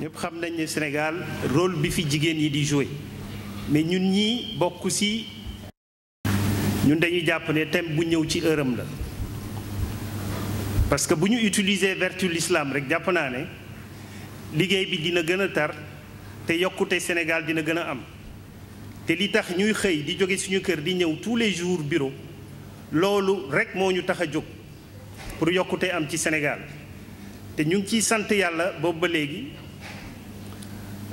ñëpp xam nañ ne Sénégal rôle bi fi jigéen yi di jouer mais ñun ñi bokk ci ñun dañuy jàpp ne thème bu ñëw ci ërëm la parce que bu ñu utiliser vertu l'islam rek jàpp naa ne liggéey bi dina gën a tar te yokkute Sénégal dina gën a am te li tax ñuy xëy di jóge suñu kër di ñëw tous les jours bureau loolu rek moo ñu tax a jóg pour yokkute am ci Sénégal te ñu ngi ciy sant yàlla boobu ba léegi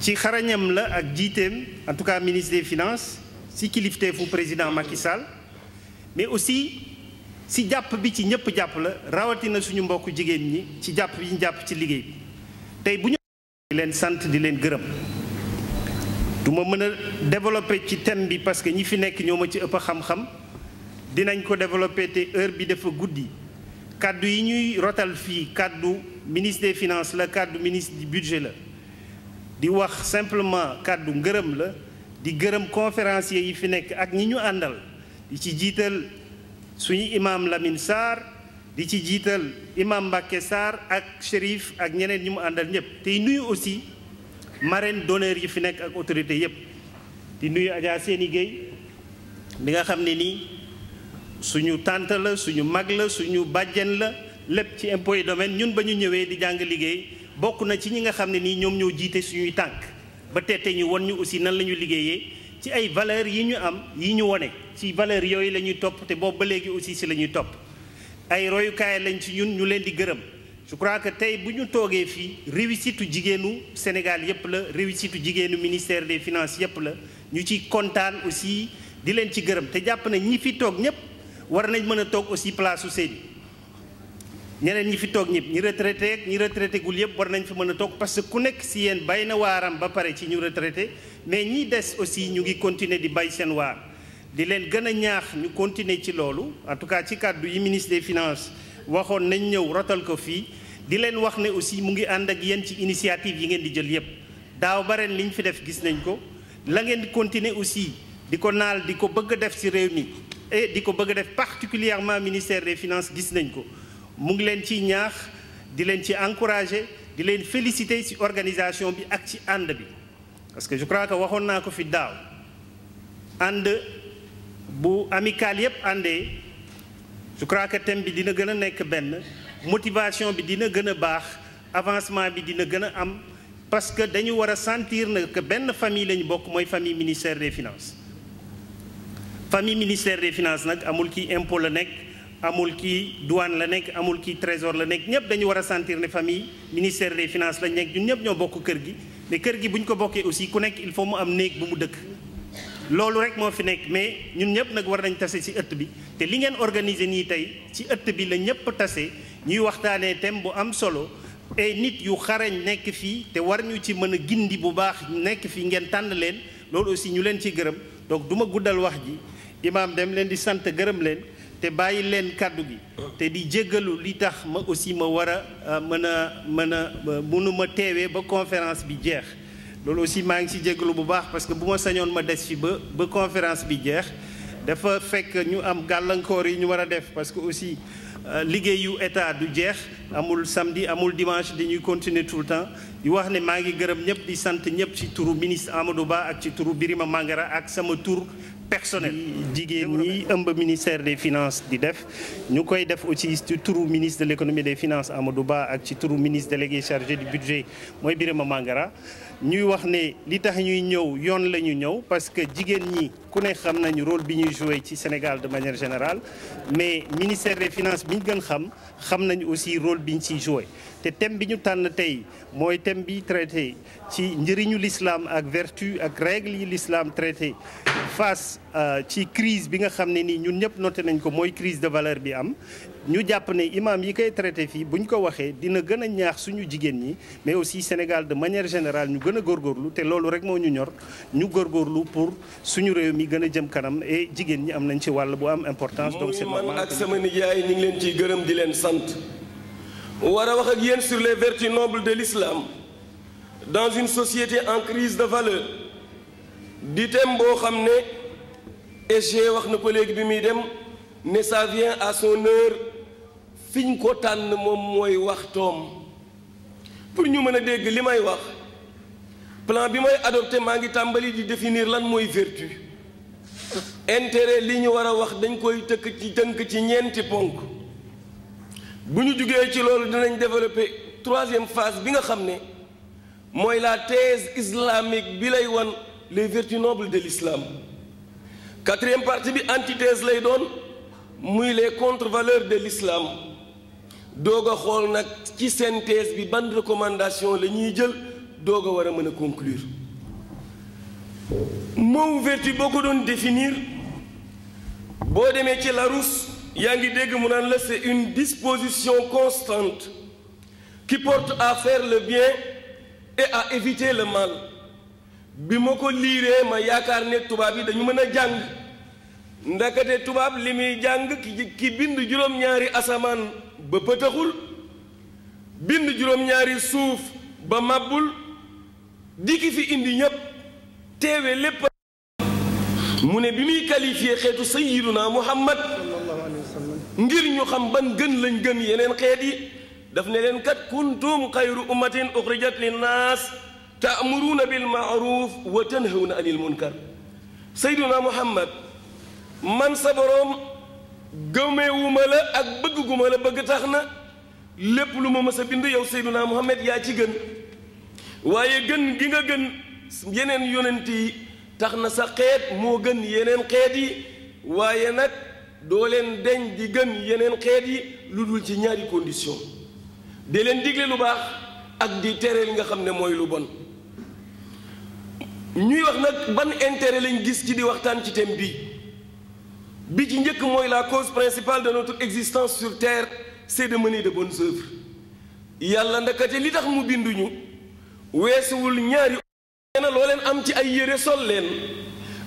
ci xarañam la ak jiiteem en tout cas ministre des finances si kilifteefu président Macky Sall mais aussi si jàpp bi ci ñëpp jàpp la rawatina suñu mbokk jigéen ñi ci jàpp bi ñu jàpp ci liggéey bi tey bu ñu di leen sant di leen gërëm du ma mën a développer ci thème bi parce que ñi fi nekk ñoo ma ci ëpp xam-xam dinañ ko développer te heure bi dafa guddi kàddu yi ñuy rotal fii kàddu ministre des finances la kàddu ministre du budget la di wax simplement kaddu ngeureum la di geureum conférencier yi fi nek ak ñi ñu andal di ci jital suñu imam Lamin sar di ci jital imam Mbacke sar ak sherif ak ñeneen ñi mu andal ñep te nuyu aussi marraine d'honneur yi fi nek ak autorité yep di nuyu Adja seni Gueye mi nga xamni ni suñu tante la suñu mag la suñu bàjjen la lepp ci impôt domaine ñun bañu ñëwé di jang liggéey bokk na ci ñi nga xam ne nii ñoom ñoo jiite suñuy tànk ba tete ñu won ñu aussi nan la ñu liggéeyee ci ay valeurs yi ñu am yi ñu wone ci valeurs yooyu la ñuy topp te boobu ba léegi aussi si la ñuy topp ay royukaay lañ ci ñun ñu leen di gërëm je crois que tey bu ñu toogee fii réussite jigéenu Sénégal yépp la réussite jigéenu ministère des finances yépp la ñu ci kontaan aussi di leen ci gërëm te jàpp nañ ñi fi toog ñépp war nañ mën a toog aussi place su seen ñeneen ñi fi toog ñëpp ñi retraité ñi retraité gul yëpp war nañ fi mën a toog parce que ku nekk si yéen bay na waaram ba pare ci ñu retraité mais ñi des aussi ñu ngi continuer di bay seen waar di leen gën a ñaax ñu continuer ci loolu en tout cas ci kàddu yi ministre des finances waxoon nañ ñëw rotal ko fii di leen wax ne aussi mu ngi ànd ak yéen ci initiative yi ngeen di jël yëpp daaw ba li ñu fi def gis nañ ko la ngeen continuer aussi di ko naal di ko bëgg def si réew mi di ko bëgg a def particulièrement ministère des finances gis nañ ko mu ngi leen ci ñaax di leen ci encourager di leen féliciter ci organisation bi ak ci ànd bi parce que je crois que waxoon naa ko fi daaw ànd bu amical yépp àndee je crois que thème bi dina gën a nekk benn motivation bi dina gën a baax avancement bi dina gën a am parce que dañu war a sentir na que benn famille lañu bokk mooy famille ministère des finances famille ministère des finances nag amul kii impôt la nekk amul kii duwaan la nekk amul kii trésor la nekk ñëpp dañu war a sentir ne famille ministère des finances lañ nekk ñun ñëpp ñoo bokk kër gi mais kër gi bu ñu ko bokkee aussi ku nekk il faut mu am néeg bu mu dëkk loolu rek moo fi nekk mais ñun ñëpp nag war nañ tase ci ëtt bi te li ngeen organiser nii tey ci ëtt bi la ñëpp tase ñuy waxtaanee thème bu am solo ay nit yu xarañ nekk fii te war ñu ci mën a gindi bu baax nekk fii ngeen tànn leen loolu aussi ñu leen ci gërëm donc du ma guddal wax ji imaam dem leen di sant gërëm leen te bàyyi leen kàddu gi te di jéggalu li tax ma aussi ma war a euh, mën a mën a euh, mënuma teewee ba conférence bi jeex loolu aussi maa ngi ci jéggalu bu baax parce que bu ma sañoon ma des fi ba ba conférence bi jeex dafa fekk ñu am gàllankoor yi ñu war a def parce que aussi euh, liggéeyu état du jeex amul samedi amul dimanche ñuy continuer tout le temps di wax ne maa ngi gërëm ñëpp di sant ñëpp ci turu ministre Amadou Ba ak ci turu Birima Mangara ak sama tour personnel jigéen ñi ëmb ministère des finances di def ñu koy def aussi ci turu ministre de l'économie des finances Amadou Ba ak ci turu ministre délégué chargé du budget mooy Birima Mangara ñuy wax ne li tax ñuy ñëw yoon la ñu ñëw parce que jigéen ñi ku ne xam nañu rôle bi ñuy joué ci Sénégal de manière générale mais ministère des finances bi ñu gën xam xam nañu aussi rôle bi ñu ciy joué te thème bi ñu tànn tay moy thème bi traité ci njëriñu l'islam ak vertu ak règle yi l'islam traité face euh, ci crise bi nga xamné ni ñun ñëpp noté nañ ko moy crise de valeur bi am ñu japp né imam yi kay traité fi. buñ ko waxé dina gëna ñaax suñu jigéen ñi mais aussi Sénégal de manière générale ñu gëna gorgorlu. té te loolu rek mo ñu ñor ñu gorgorlu pour suñu réew mi gëna jëm kanam et jigéen ñi am nañ ci wàll bu am importance donc c'est normal ak sama nijaay ñu ngi leen ci gëreum di leen sante war wax ak sur les vertus nobles de l'islam dans une société en crise de valeur di thème boo xam ne EG wax na ko léegi bi dem ne ça vient à son heure fin ñu ko moi moom mooy waxtoom pour ñu mën a dégg li wax plan bi may adopté mangi ngi de di définir lan moi vertu intérêt li ñu war a wax dañ koy tëkk ci tënk ci ñeenti ponk bu ñu jugee ci loolu dinañ développer troisième phase bi nga xam ne la thèse islamique bi lay wan les vertus nobles de l'islam quatrième partie bi antithèse lay doon muy les contre-valeurs de l'islam doog a xool nag ci synthèse bi ban recommandation la ñuy jël doog a war conclure moom vertu boo ko doon définir boo demee ci Russ yaa ngi dégg mu naan la c'est une disposition constante qui porte à faire le bien et à le mal bi ma ko liiree ma yaakaar ne tubaab yi dañu mën a jàng ndakate tubaab li muy jàng ki bind juróom-ñaari asamaan ba pëtaxul bind juróom-ñaari suuf ba màbbul di ki fi indi ñépp teewe lépp mu ne bi muy qualifié xeetu sayyiduna Muhammad ngir ñu xam ban gën lañ gën yeneen xeet yi daf ne leen kat kuntum xayru ummatin uxrijat linnaas taamuruuna bil maaruf wa tanhawna anil munkar sayduna muhammad man sa boroom gëmewuma la ak bëgg la bëgg tax na lépp lu ma mës a bind yow sayduna muhammad yaa ci gën waaye gën gi nga gën yeneen yonent yi tax na sa xeet moo gën yeneen xeet yi waaye nag do len deñ di gën yeneen xeet yi lu ci ñaari condition di leen digle lu baax ak di tere li nga xam ne mooy lu bon ñuy wax nag ban intérêt lañ gis ci di waxtaan ci tem bi bi ci njëkk mooy la cause principale de notre existence sur terre c'est de mener de bonnes œuvres yàlla ndakate li tax mu ñu weesuwul ñaari loo leen am ci ay yére sol leen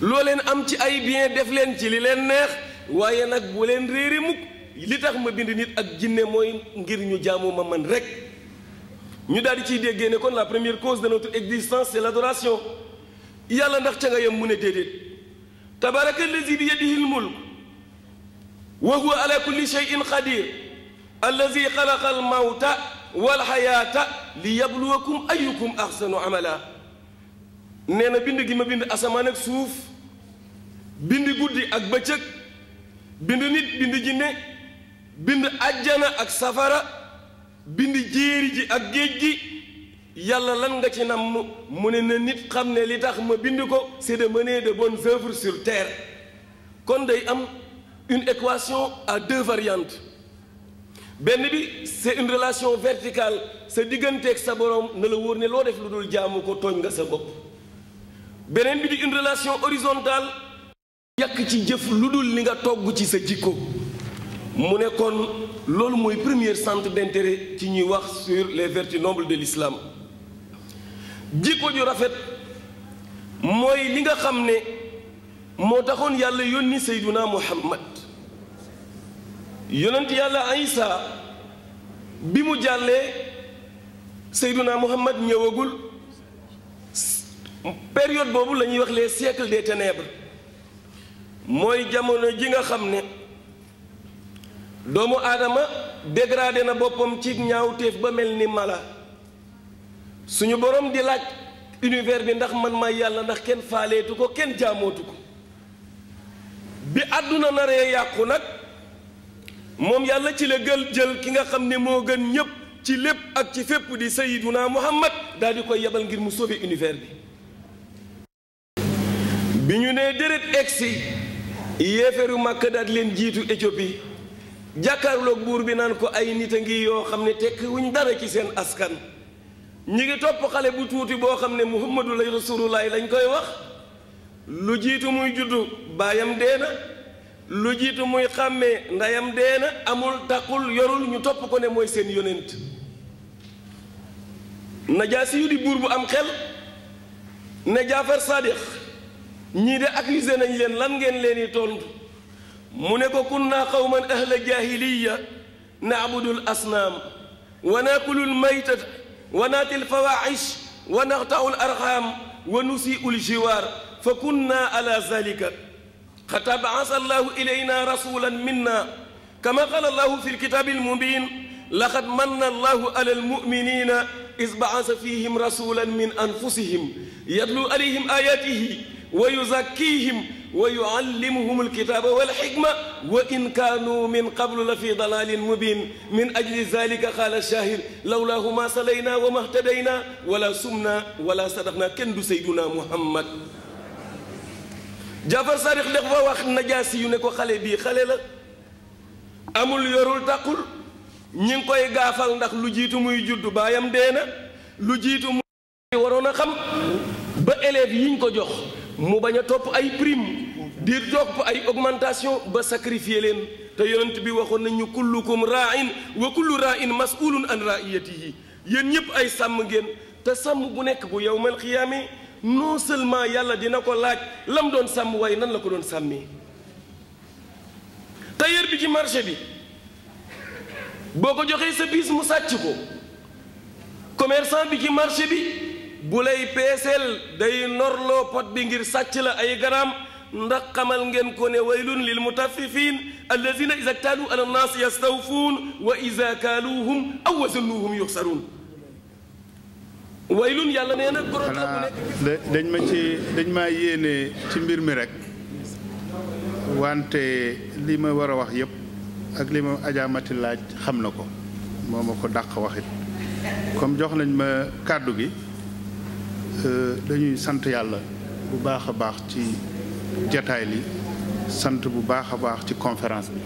loo leen am ci ay bien def leen ci li leen neex waaye nag bu leen réere mukk li tax ma bind nit ak jinne mooy ngir ñu jaamu ma man rek ñu daal di ciy déggee ne kon la première cause de notre existence c'est l'adoration yàlla ndax ca nga yem mu ne déedéet tabaraka allazi bi yadihi almulk wa huwa ala kulli shay'in qadir allazi xalaqa almawta walxayaata li yabluwakum ayukum ahsanu amala nee na bind gi ma bind asamaan ak suuf bind guddi ak bëccëg bind nit bind jinne bind ajjana ak safara bind jéeri ji ak géej gi yàlla lan nga ci nam mu ne na nit xam ne li tax ma bind ko c'est de mener de bonnes œuvres sur terre kon day am une équation à deux variantes benn bi c'est une relation verticale sa digganteeg sa borom na la wóor ne loo def lu dul jaamu ko tooñ nga sa bopp beneen bi di une relation horizontale yak ci jëf lu dul li nga togg ci sa jikko mu ne kon loolu mooy premier centre d'intérêt ci ñuy wax sur les vertus nobles de l'islam jikko ju rafet mooy li nga xam ne moo taxoon yàlla yónni sayduna muhammad yonent yàlla isa bi mu jàllee sayduna muhammad ñëwagul période boobu la ñuy wax les siècles des ténèbres mooy jamono ji nga xam ne doomu aadama degrade na boppam ci ñaawteef ba mel ni mala suñu borom di laaj univers bi ndax man may yàlla ndax kenn faaleetu ko kenn jaamootu ko bi àdduna naree yàqu nag moom yàlla ci la gël jël ki nga xam ne moo gën ñépp ci lépp ak ci fépp di sayiduna muhammad daal di koy yebal ngir mu sauver univers bi bi ñu nee déret egsi yeeferu makka dat leen jiitu éthiopie jàkkaarulog buur bi naan ko ay nita ngi yoo xam ne tekkiwuñ dara ci seen askan ñi ngi topp xale bu tuuti boo xam ne muhammadu lay rasulullahi lañ koy wax lu jiitu muy judd bàyyam dee na lu jiitu muy xàmmee ndayam dee na amul taqul yorul ñu topp ko ne mooy seen yonent najaasiyu di buur bu am xel ne jaafar sadiq ñi de accusé nañ leen lan ngeen leen di tont mu ne ko kunna qawman ahla jahiliya na'budu al asnam wa naakulu al maytat wa naati al fawaa'ish wa naqta'u al arham wa nusi'u al jiwar fa kunna ala zalika حتى بعث الله إلينا رسولا منا كما قال الله في الكتاب المبين لقد من الله على المؤمنين إذ بعث فيهم رسولا من أنفسهم يدلو عليهم آياته ويزكيهم ويعلمهم الكتاب والحكمة وإن كانوا من قبل لفي ضلال مبين من أجل ذلك قال الشاهد لولا ما سلينا وما اهتدينا ولا سمنا ولا صدقنا كندو سيدنا محمد جافر صارخ لغوا وقت نجاسي يونيكو خالي بي خالي لك أمول يرول تقول نينكوي غافل ندخ لجيتو مي جدو بايام دينا لجيتو مي ورونا خم بأليف ينكو جوخ mu bañ a topp ay prime di topp ay augmentation ba sacrifier leen te yonent bi waxoon nañu kullukum raain wa kullu raain masulun an raiyatihi yéen ñëpp ay sàmm ngeen te sàmm bu nekk bu yow xiyaame non seulement yàlla dina ko laaj lam doon sàmm waaye nan la ko doon sàmmee tailleur bi ci marché bi boo ko joxee sa piis mu sàcc ko commerçant bi ci marché bi bu lay peeseel day norloo pot bi ngir sàcc la ay garaam ndax xamal ngeen ko ne waylun lil mutaffifin allazina ida ktaaluu ala nnaas yastawfuun wa ida kaaluuhum aw wasannuuhum yuxsaruun waylun yàlla nee na gorot la bu dañ ma ci dañ maa yéene ci mbir mi rek wante li ma war a wax yëpp ak li ma ajaamati laaj xam na ko moo ma ko dàq waxit comme jox nañ ma kàddu gi Euh, dañuy sant yàlla bu baax a baax ci jataay li sant bu baax a baax ci conférence bi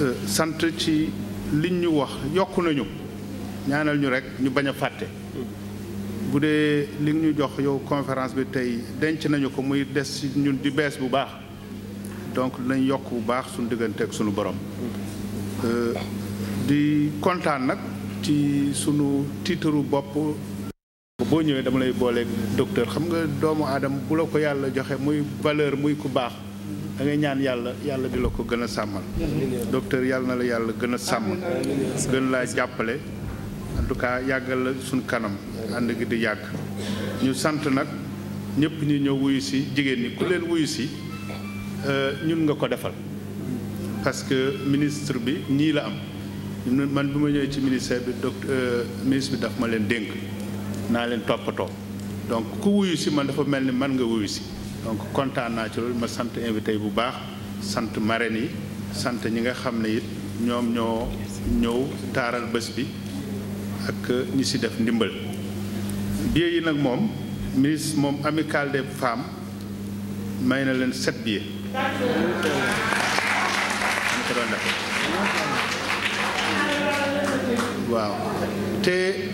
euh, sant ci liñ ñu wax yokk nañu ñaanal ñu rek ñu bañ a fàtte bu dee li ñu jox yow conférence bi tey denc nañu ko muy des ci ñun di bees bu baax donc lañ yokk bu baax suñu diggante ak suñu borom euh, di kontaan nag ci sunu tiitaru bopp boo ñëwee dama lay booleeg docteur xam nga doomu aadama bu la ko yàlla joxe muy valeur muy ku baax da ngay ñaan yàlla yàlla di la ko gën a sàmmal docteur yàlla na la yàlla gën a sàmm gën laa jàppale en tout cas yàggal la suñ kanam ànd gi di yàgg ñu sant nag ñëpp ñu ñëw wuyu si jigéen ñi ku leen wuyu si euh, ñun nga ko defal parce que ministre bi ñii la am man bi ma ñëwee ci ministère bi docteur ministre bi daf ma leen dénk naa leen toppatoo donc ku wuyu si man dafa mel ni man nga wuyu si donc kontaan naa ci loolu ma sant invité bu baax sant marraine yi sant ñi nga xam ne it ñoom ñoo ñëw taaral bés bi ak ñi si def ndimbal biye yi nag moom ministre moom amical des femmes may na leen sept billets waaw te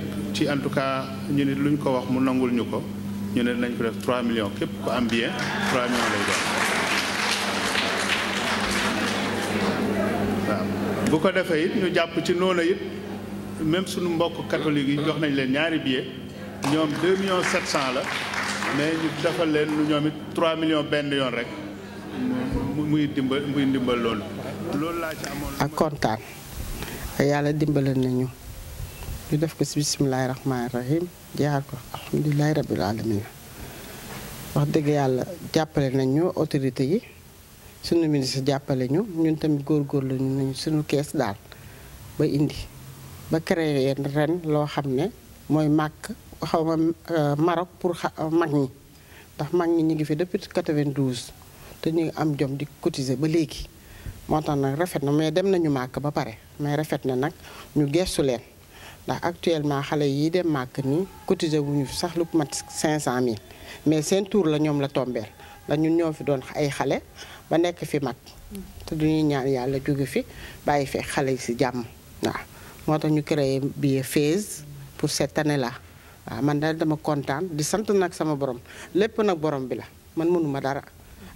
ci en tout cas ñu ne lu ñu ko wax mu nangul ñu ko ñu ne nañ ko def 3 millions képp ku am bien 3 millions lay doon waaw bu ko defee it ñu jàpp ci noonu yi même suñu mbokk catholique yi jox nañ leen ñaari billet ñoom 2 millions la mais ñu defal leen ñoom it 3 millions benn yoon rek muy dimbal muy ndimbal loolu. loolu laa ci amoon. ak kontaan yàlla dimbale nañu. ñu def ko si bisimilahi rahmaani rahim jaar ko alhamdulilahi rabil alamin wax dëgg yàlla jàppale nañ ñu autorité yi suñu ministre jàppale ñu ñun tamit góorgóorlu nañu suñu kees daal ba indi ba créé ren loo xam ne mooy màkk xaw ma euh, Maroc pour mag ñi ndax mag ñi ñu ngi fi depuis 92 te ñu am jom di cotiser ba léegi moo tax nag rafet na mais dem nañu màkk ba pare mais rafet na nag ñu gestu leen ndax actuellement xale yi dem màkk ni cotisé wuñu sax lu mat 500000 mais seen tour la ñoom la tombeel la ñun ñoo fi doon ay xale ba nekk fi mag te duñuy ñaan yàlla jóge fi bàyyi fee xale yi si jàmm waaw moo tax ñu créé billet phase pour cette année là man daal dama kontaan di sant nag sama borom lépp nag borom bi la man mënuma dara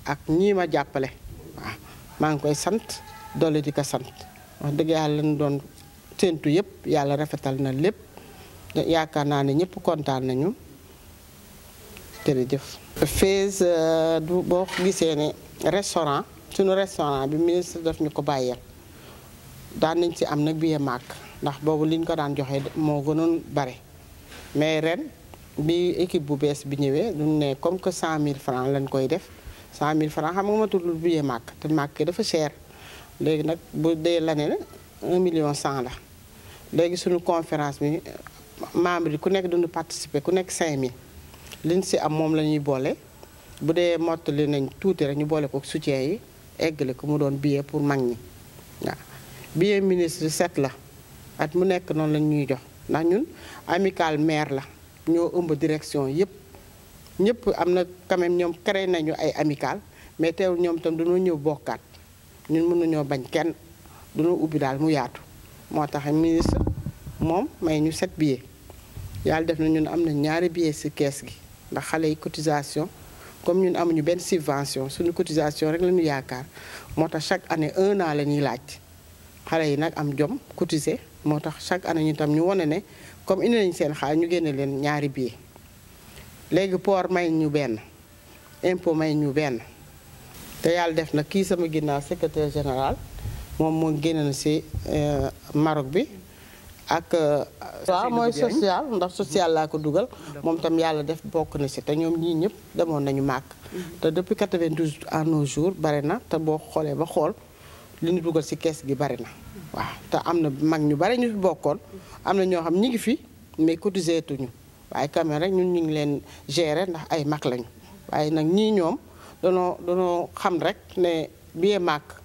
ak ñii jàppale waaw maa ngi koy sant doole di ko sant wax yàlla lañ doon séntu yëpp yàlla rafetal na lépp yaakaar naa ne ñëpp kontaan nañu te jërëjëf. Fès euh, du boo gisee ne restaurant suñu restaurant bi ministre daf ñu ko bàyyeel daan nañ si am nag billet màkk ndax boobu liñ ko daan joxe moo gënoon bare mais ren bi équipe bu bees bi ñëwee duñ ne comme que cent 100000 francs lañ koy def 100000 francs xam nga ma tuddul billet màkk te màkk dafa cher léegi nag bu dee la ne 1 million cent la. léegi suñu conférence bi membre yi ku nekk duñu participer ku nekk 5000 liñ si am moom la ñuy boole bu dee mottali nañ tuuti rek ñu boole ko soutien yi eggale ko mu doon billet pour mag ñi waaw billet ministre set la at mu nekk noonu la ñuy jox ndax ñun amical maire la ñoo ëmb direction yëpp ñëpp am na quand même ñoom créé nañu ay amical mais teewul ñoom itam dañoo ñëw bokkaat ñun mënuñoo bañ kenn dañoo ubbi daal mu yaatu moo tax ministre moom may ñu set billets yàlla def na ñun am na ñaari billets ci kees gi ndax xale yi cotisation comme ñun amuñu benn subvention suñu cotisation rek lañu yaakaar moo tax chaque année un an la ñuy laaj xale yi nag am jom cotiser moo tax chaque année ñu tam ñu wane ne comme indi nañ seen xaa ñu génne leen ñaari billets léegi port may ñu benn impôt may ñu benn te yàlla def na kii sama ginnaaw secretaire général moom moo génne na si euh, Maroc bi ak euh, waaw mooy social ndax social laa ko dugal moom tam yàlla def bokk na si te ñoom ñii ñëpp demoon nañu màkk mm-hmm. te depuis 92 à nos jours bari na te boo xoolee ba xool li ñu dugal si kees gi bari na waaw te am na mag ñu bari ñu fi bokkoon am na ñoo xam ñi ngi fi mais cotisé tuñu waaye quand rek ñun ñu ngi leen gérer ndax ay mag lañu waaye nag ñii ñoom danoo danoo xam rek ne biyee màkk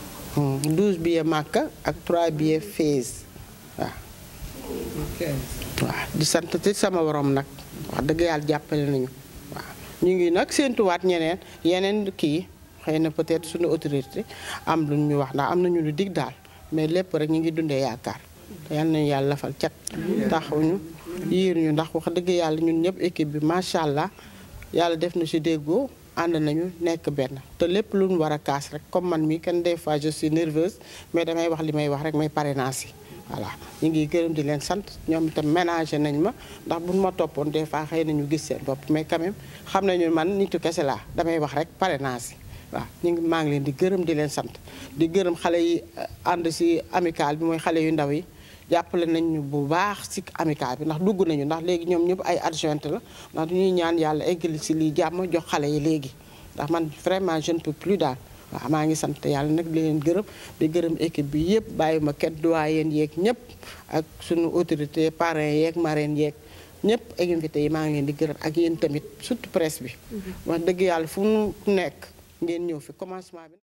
Hmm, douze billets Màkka ak trois billets Fès waaw. waa di sant ti sama borom nag wax dëgg yàlla jàppale nañu waaw ñu ngi nag séentuwaat ñeneen yeneen kii xëy na peut-être suñu autorité am lu ñu wax ndax am nañu lu dig daal mais lépp rek ñu ngi dundee yaakaar te yal nañu yàlla lafal cat taxuñu yiir ñu ndax wax dëgg yàlla ñun ñëpp équipe bi macha allah yàlla def na ci déggoo. and nañu nek ben te lepp lu wara kaas rek comme man mi kenn des fois je suis nerveuse mais damay wax limay wax rek may parénance yi voilà ñu ngi gëreum di len sante ñom tam ménager nañ ma ndax buñ ma topon des fois xëy nañu gis seen bop mais quand même xam nañu man nitu kessé la damay wax rek parénance wa ñi ngi maa ngi leen di gëreum di len sante di gëreum xalé yi and eh, ci amical bi moy xalé yu ndaw yi jàppale nañ ñu bu baax si amical bi ndax dugg nañu ndax léegi ñoom ñëpp ay adjointe la ndax ñuy ñaan yàlla eggali si lii jàmm jox xale yi léegi ndax man vraiment je ne plus daal waaw maa ngi sant yàlla nag di leen gërëm di gërëm équipe bi yëpp bàyyi ma kenn doyen yeeg ñëpp ak suñu autorité parrain yeeg marraine yeeg ñëpp ak invité yi maa ngi leen di gërëm ak yéen tamit surtout presse bi. Mhm. wax dëgg yàlla fu mu nekk ngeen ñëw fi commencement bi.